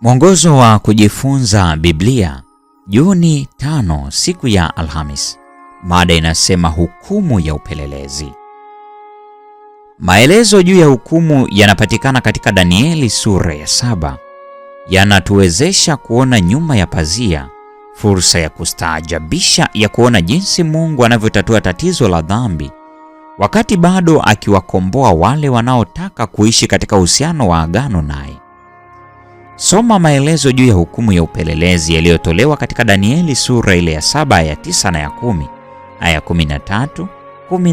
Mwongozo wa kujifunza Biblia, Juni tano, siku ya Alhamis. Mada inasema hukumu ya upelelezi. Maelezo juu ya hukumu yanapatikana katika Danieli sura ya saba, yanatuwezesha kuona nyuma ya pazia, fursa ya kustaajabisha ya kuona jinsi Mungu anavyotatua tatizo la dhambi wakati bado akiwakomboa wale wanaotaka kuishi katika uhusiano wa agano naye. Soma maelezo juu ya hukumu ya upelelezi yaliyotolewa katika Danieli sura ile ya saba ya tisa na ya kumi aya kumi na tatu kumi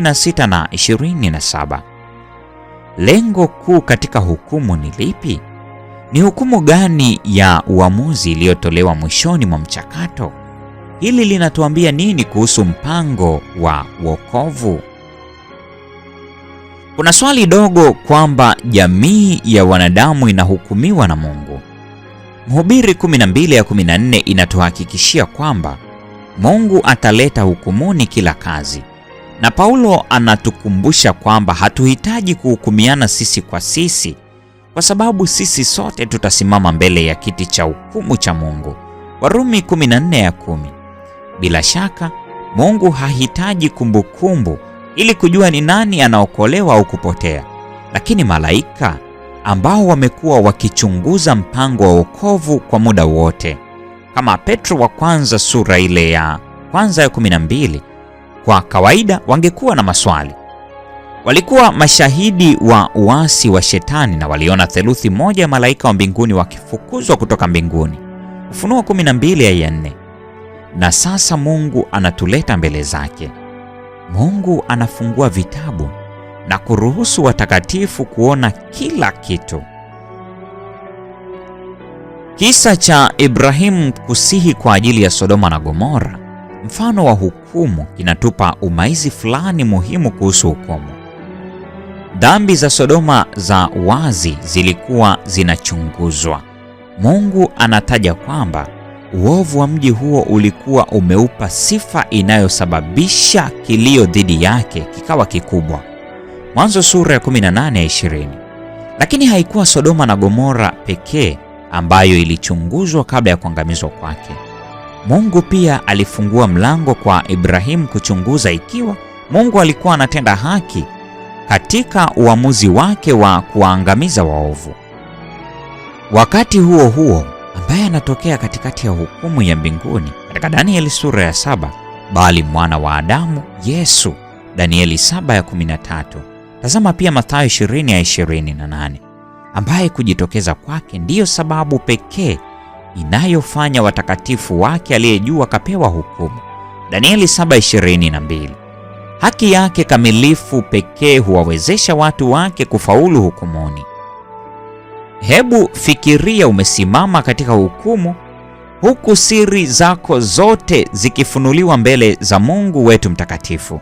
na saba Lengo kuu katika hukumu ni lipi? Ni hukumu gani ya uamuzi iliyotolewa mwishoni mwa mchakato? Hili linatuambia nini kuhusu mpango wa wokovu? Kuna swali dogo kwamba jamii ya wanadamu inahukumiwa na Mungu. Mhubiri 12 ya 14 inatuhakikishia kwamba Mungu ataleta hukumuni kila kazi, na Paulo anatukumbusha kwamba hatuhitaji kuhukumiana sisi kwa sisi, kwa sababu sisi sote tutasimama mbele ya kiti cha hukumu cha Mungu. Warumi 14 ya 10. Bila shaka Mungu hahitaji kumbukumbu kumbu, ili kujua ni nani anaokolewa au kupotea. Lakini malaika ambao wamekuwa wakichunguza mpango wa wokovu kwa muda wote, kama Petro wa kwanza sura ile ya kwanza ya 12, kwa kawaida wangekuwa na maswali. Walikuwa mashahidi wa uasi wa Shetani na waliona theluthi moja ya malaika wa mbinguni wakifukuzwa kutoka mbinguni, Ufunuo 12 aya 4. Na sasa Mungu anatuleta mbele zake Mungu anafungua vitabu na kuruhusu watakatifu kuona kila kitu. Kisa cha Ibrahimu kusihi kwa ajili ya Sodoma na Gomora, mfano wa hukumu, kinatupa umaizi fulani muhimu kuhusu hukumu. Dhambi za Sodoma za wazi zilikuwa zinachunguzwa. Mungu anataja kwamba Uovu wa mji huo ulikuwa umeupa sifa inayosababisha kilio dhidi yake kikawa kikubwa. Mwanzo sura ya 18:20. Lakini haikuwa Sodoma na Gomora pekee ambayo ilichunguzwa kabla ya kuangamizwa kwake. Mungu pia alifungua mlango kwa Ibrahimu kuchunguza ikiwa Mungu alikuwa anatenda haki katika uamuzi wake wa kuwaangamiza waovu. Wakati huo huo, ambaye anatokea katikati ya hukumu ya mbinguni katika Danieli sura ya saba, bali mwana wa Adamu Yesu, Danieli saba ya 13. Tazama pia Mathayo 20 ya nane, ambaye kujitokeza kwake ndiyo sababu pekee inayofanya watakatifu wake aliyejua akapewa hukumu, Danieli 7:22. Haki yake kamilifu pekee huwawezesha watu wake kufaulu hukumuni. Hebu fikiria umesimama katika hukumu huku siri zako zote zikifunuliwa mbele za Mungu wetu mtakatifu.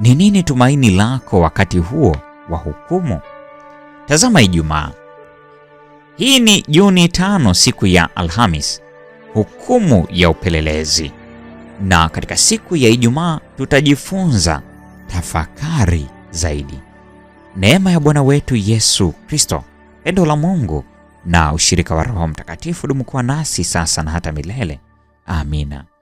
Ni nini tumaini lako wakati huo wa hukumu? Tazama Ijumaa. Hii ni Juni tano, siku ya Alhamis, hukumu ya upelelezi. Na katika siku ya Ijumaa tutajifunza tafakari zaidi. Neema ya Bwana wetu Yesu Kristo Pendo la Mungu na ushirika wa Roho Mtakatifu dumu kuwa nasi sasa na hata milele. Amina.